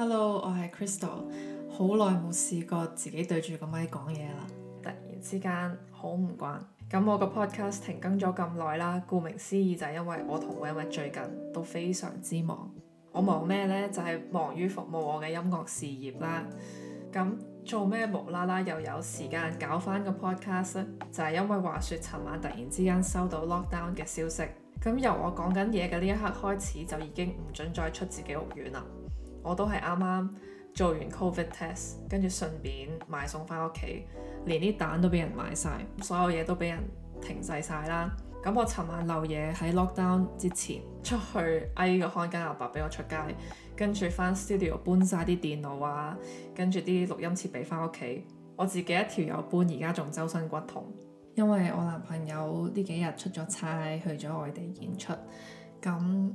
Hello，我係 Crystal，好耐冇試過自己對住個麥講嘢啦，突然之間好唔慣。咁我個 podcast 停更咗咁耐啦，顧名思義就係因為我同 Wayne 最近都非常之忙。我忙咩呢？就係、是、忙於服務我嘅音樂事業啦。咁做咩無啦啦又有時間搞翻個 podcast？就係因為話説尋晚突然之間收到 lockdown 嘅消息，咁由我講緊嘢嘅呢一刻開始，就已經唔准再出自己屋苑啦。我都係啱啱做完 COVID test，跟住順便買餸翻屋企，連啲蛋都俾人買晒，所有嘢都俾人停滯晒啦。咁我尋晚漏嘢喺 lockdown 之前出去，哎，個看家阿伯俾我出街，跟住翻 studio 搬晒啲電腦啊，跟住啲錄音設備翻屋企，我自己一條友搬，而家仲周身骨痛，因為我男朋友呢幾日出咗差去咗外地演出，咁。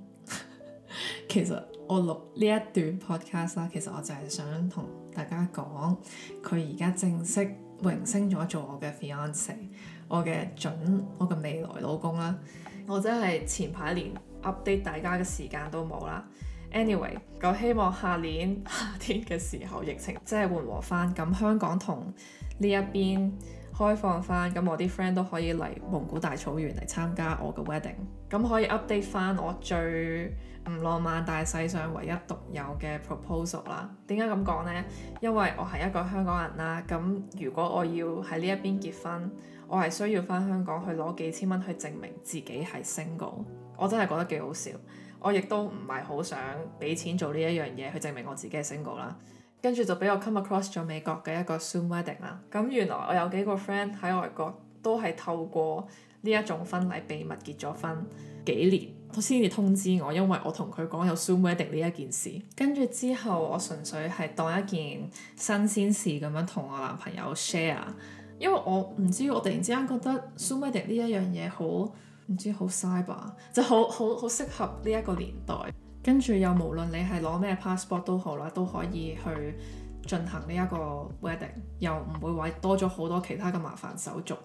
其實我錄呢一段 podcast 啦，其實我就係想同大家講，佢而家正式榮升咗做我嘅 fiance，我嘅準，我嘅未來老公啦。我真係前排連 update 大家嘅時間都冇啦。Anyway，我希望下年夏天嘅時候，疫情即係緩和翻，咁香港同呢一邊。開放翻，咁我啲 friend 都可以嚟蒙古大草原嚟參加我嘅 wedding，咁可以 update 翻我最唔浪漫但係世上唯一獨有嘅 proposal 啦。點解咁講呢？因為我係一個香港人啦，咁如果我要喺呢一邊結婚，我係需要翻香港去攞幾千蚊去證明自己係 single。我真係覺得幾好笑，我亦都唔係好想俾錢做呢一樣嘢去證明我自己係 single 啦。跟住就俾我 come across 咗美國嘅一個 Zoom wedding 啦。咁原來我有幾個 friend 喺外國都係透過呢一種婚禮秘密結咗婚，幾年都先至通知我，因為我同佢講有 Zoom wedding 呢一件事。跟住之後我純粹係當一件新鮮事咁樣同我男朋友 share，因為我唔知我突然之間覺得 Zoom wedding 呢一樣嘢好唔知好 cyber，就好好好適合呢一個年代。跟住又無論你係攞咩 passport 都好啦，都可以去進行呢一個 wedding，又唔會話多咗好多其他嘅麻煩手續。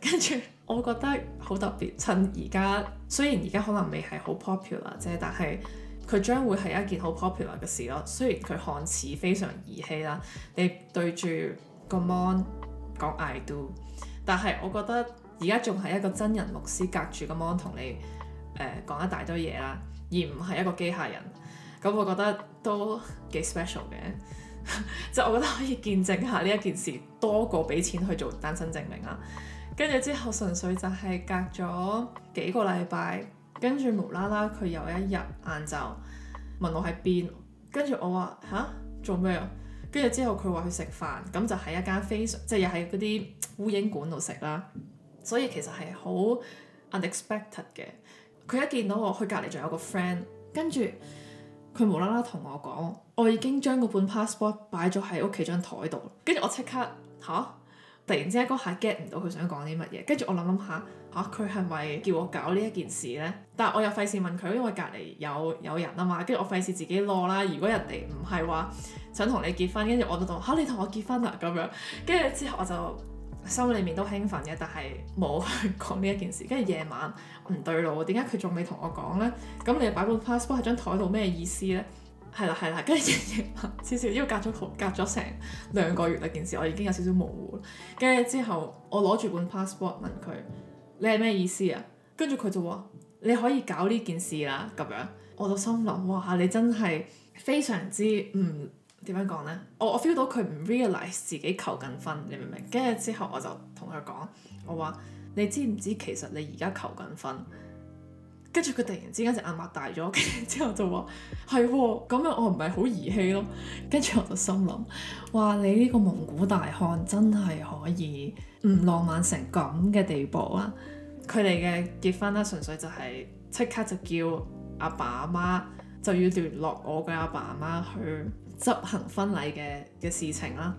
跟 住我覺得好特別，趁而家雖然而家可能未係好 popular 啫，但係佢將會係一件好 popular 嘅事咯。雖然佢看似非常兒戲啦，你對住個 mon 講 I do，但係我覺得而家仲係一個真人牧師隔住個 mon 同你誒、呃、講一大堆嘢啦。而唔係一個機械人，咁我覺得都幾 special 嘅， 就我覺得可以見證下呢一件事多過俾錢去做單身證明啦。跟住之後純粹就係隔咗幾個禮拜，跟住無啦啦佢有一日晏晝問我喺邊，跟住我話吓？做咩？跟住之後佢話去食飯，咁就喺一間非常即係又喺嗰啲烏蠅館度食啦。所以其實係好 unexpected 嘅。佢一見到我，佢隔離仲有個 friend，跟住佢無啦啦同我講，我已經將嗰本 passport 擺咗喺屋企張台度，跟住我即刻吓、啊？突然之間嗰下 get 唔到佢想講啲乜嘢，跟住我諗諗下吓？佢係咪叫我搞呢一件事呢？但係我又費事問佢，因為隔離有有人啊嘛，跟住我費事自己攞啦。如果人哋唔係話想同你結婚，跟住我就同吓？你同我結婚啊咁樣，跟住之後我就。心裏面都興奮嘅，但係冇去講呢一件事。跟住夜晚唔對路，點解佢仲未同我講呢？咁你擺本 passport 喺張台度咩意思呢？係啦係啦，跟住夜晚少少，因為隔咗隔咗成兩個月，呢件事我已經有少少模糊。跟住之後我攞住本 passport 問佢：你係咩意思啊？跟住佢就話：你可以搞呢件事啦。咁樣我就心諗：哇！你真係非常之唔～、嗯點樣講呢？我我 feel 到佢唔 realize 自己求緊婚，你明唔明？跟住之後我就同佢講，我話你知唔知其實你而家求緊婚。跟住佢突然之間就眼擘大咗，跟住之後就話係咁樣，我唔係好兒戲咯。跟住我就心諗：哇！你呢個蒙古大漢真係可以唔浪漫成咁嘅地步啊！佢哋嘅結婚啦，純粹就係即刻就叫阿爸阿媽就要聯絡我嘅阿爸阿媽去。執行婚禮嘅嘅事情啦，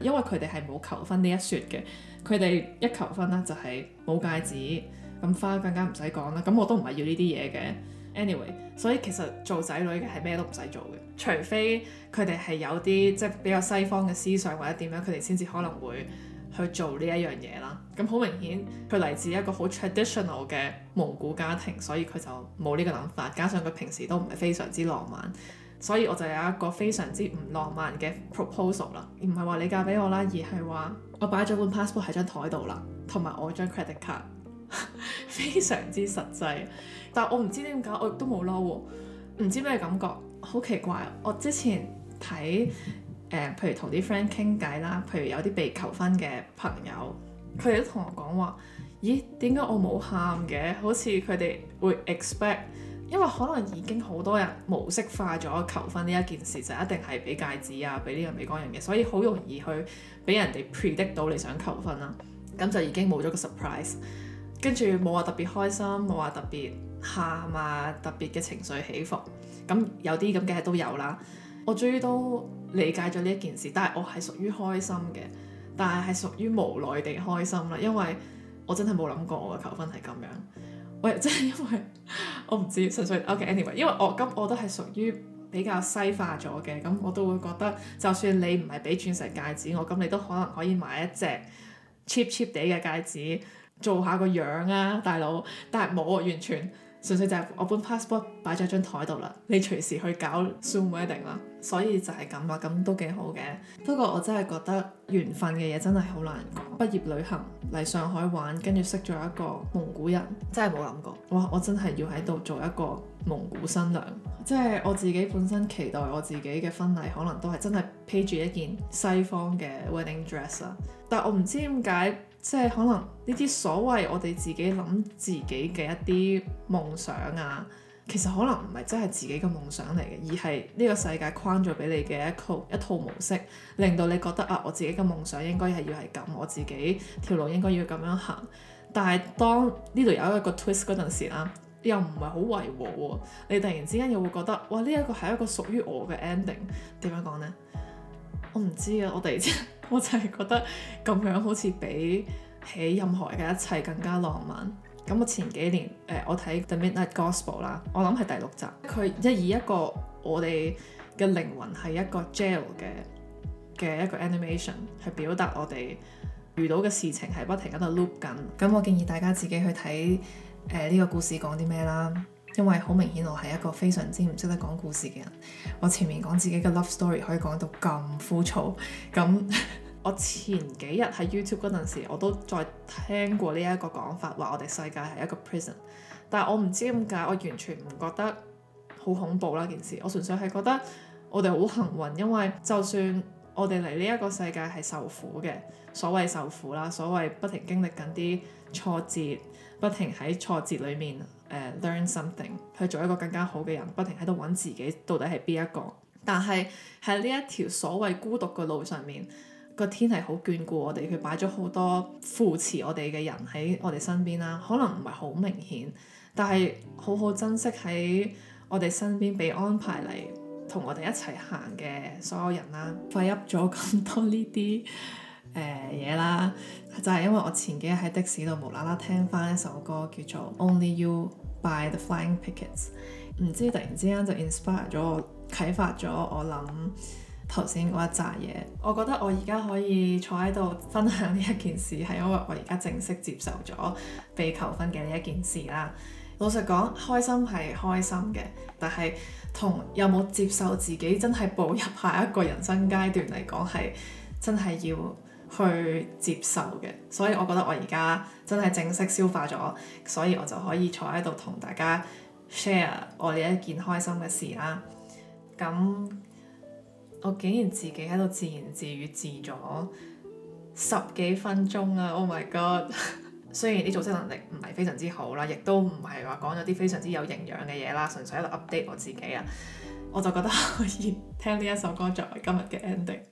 因為佢哋係冇求婚呢一說嘅，佢哋一求婚咧就係冇戒指，咁花更加唔使講啦，咁我都唔係要呢啲嘢嘅，anyway，所以其實做仔女嘅係咩都唔使做嘅，除非佢哋係有啲即係比較西方嘅思想或者點樣，佢哋先至可能會去做呢一樣嘢啦。咁好明顯佢嚟自一個好 traditional 嘅蒙古家庭，所以佢就冇呢個諗法，加上佢平時都唔係非常之浪漫。所以我就有一個非常之唔浪漫嘅 proposal 啦，唔係話你嫁俾我啦，而係話我擺咗本 passport 喺張台度啦，同埋我張 credit card，非常之實際。但我唔知點解，我亦都冇嬲喎，唔知咩感覺，好奇怪。我之前睇誒、呃，譬如同啲 friend 傾偈啦，譬如有啲被求婚嘅朋友，佢哋都同我講話：咦，點解我冇喊嘅？好似佢哋會 expect。因為可能已經好多人模式化咗求婚呢一件事，就一定係俾戒指啊，俾呢個美國人嘅，所以好容易去俾人哋 predict 到你想求婚啦，啊。咁就已經冇咗個 surprise，跟住冇話特別開心，冇話特別喊啊，特別嘅情緒起伏。咁有啲咁嘅嘢都有啦。我終於都理解咗呢一件事，但係我係屬於開心嘅，但係係屬於無奈地開心啦，因為我真係冇諗過我嘅求婚係咁樣。喂，真係因為。我唔知，純粹 OK，anyway，okay，因為我咁我都係屬於比較西化咗嘅，咁我都會覺得就算你唔係俾鑽石戒指我，咁你都可能可以買一隻 che cheap cheap 啲嘅戒指做下個樣啊，大佬，但係冇啊，完全純粹就係我本 passport 擺咗喺張台度啦，你隨時去搞 zoom wedding 啦，所以就係咁啦，咁都幾好嘅，不過我真係覺得緣分嘅嘢真係好難講。畢業旅行嚟上海玩，跟住識咗一個蒙古人，真係冇諗過。哇！我真係要喺度做一個蒙古新娘，即係我自己本身期待我自己嘅婚禮，可能都係真係披住一件西方嘅 wedding dress 啊。但我唔知點解，即係可能呢啲所謂我哋自己諗自己嘅一啲夢想啊。其實可能唔係真係自己嘅夢想嚟嘅，而係呢個世界框咗俾你嘅一套一套模式，令到你覺得啊，我自己嘅夢想應該係要係咁，我自己條路應該要咁樣行。但係當呢度有一個 twist 嗰陣時啦，又唔係好維和喎。你突然之間又會覺得，哇！呢一個係一個屬於我嘅 ending。點樣講呢？我唔知啊，我哋真我就係覺得咁樣好似比起任何嘅一切更加浪漫。咁我前幾年誒、呃，我睇《The Midnight Gospel》啦，我諗係第六集，佢一以一個我哋嘅靈魂係一個 jail 嘅嘅一個 animation 去表達我哋遇到嘅事情係不停喺度 loop 緊。咁、嗯、我建議大家自己去睇誒呢個故事講啲咩啦，因為好明顯我係一個非常之唔識得講故事嘅人，我前面講自己嘅 love story 可以講到咁枯燥，咁、嗯。 我前幾日喺 YouTube 嗰陣時，我都再聽過呢一個講法，話我哋世界係一個 prison。但係我唔知點解，我完全唔覺得好恐怖啦。件事我純粹係覺得我哋好幸運，因為就算我哋嚟呢一個世界係受苦嘅，所謂受苦啦，所謂不停經歷緊啲挫折，不停喺挫折裡面誒、uh, learn something，去做一個更加好嘅人，不停喺度揾自己到底係邊一個。但係喺呢一條所謂孤獨嘅路上面。個天係好眷顧我哋，佢擺咗好多扶持我哋嘅人喺我哋身邊啦。可能唔係好明顯，但係好好珍惜喺我哋身邊被安排嚟同我哋一齊行嘅所有人啦。廢 up 咗咁多呢啲誒嘢啦，就係因為我前幾日喺的士度無啦啦聽翻一首歌叫做《Only You》by The Flying Pickets，唔知突然之間就 inspire 咗我，啟發咗我諗。頭先嗰一扎嘢，我覺得我而家可以坐喺度分享呢一件事，係因為我而家正式接受咗被求婚嘅呢一件事啦。老實講，開心係開心嘅，但係同有冇接受自己真係步入下一個人生階段嚟講，係真係要去接受嘅。所以，我覺得我而家真係正式消化咗，所以我就可以坐喺度同大家 share 我呢一件開心嘅事啦。咁。我竟然自己喺度自言自語，自咗十幾分鐘啊！Oh my god！ 雖然啲組織能力唔係非常之好啦，亦都唔係話講咗啲非常之有營養嘅嘢啦，純粹喺度 update 我自己啊！我就覺得可以聽呢一首歌作為今日嘅 ending。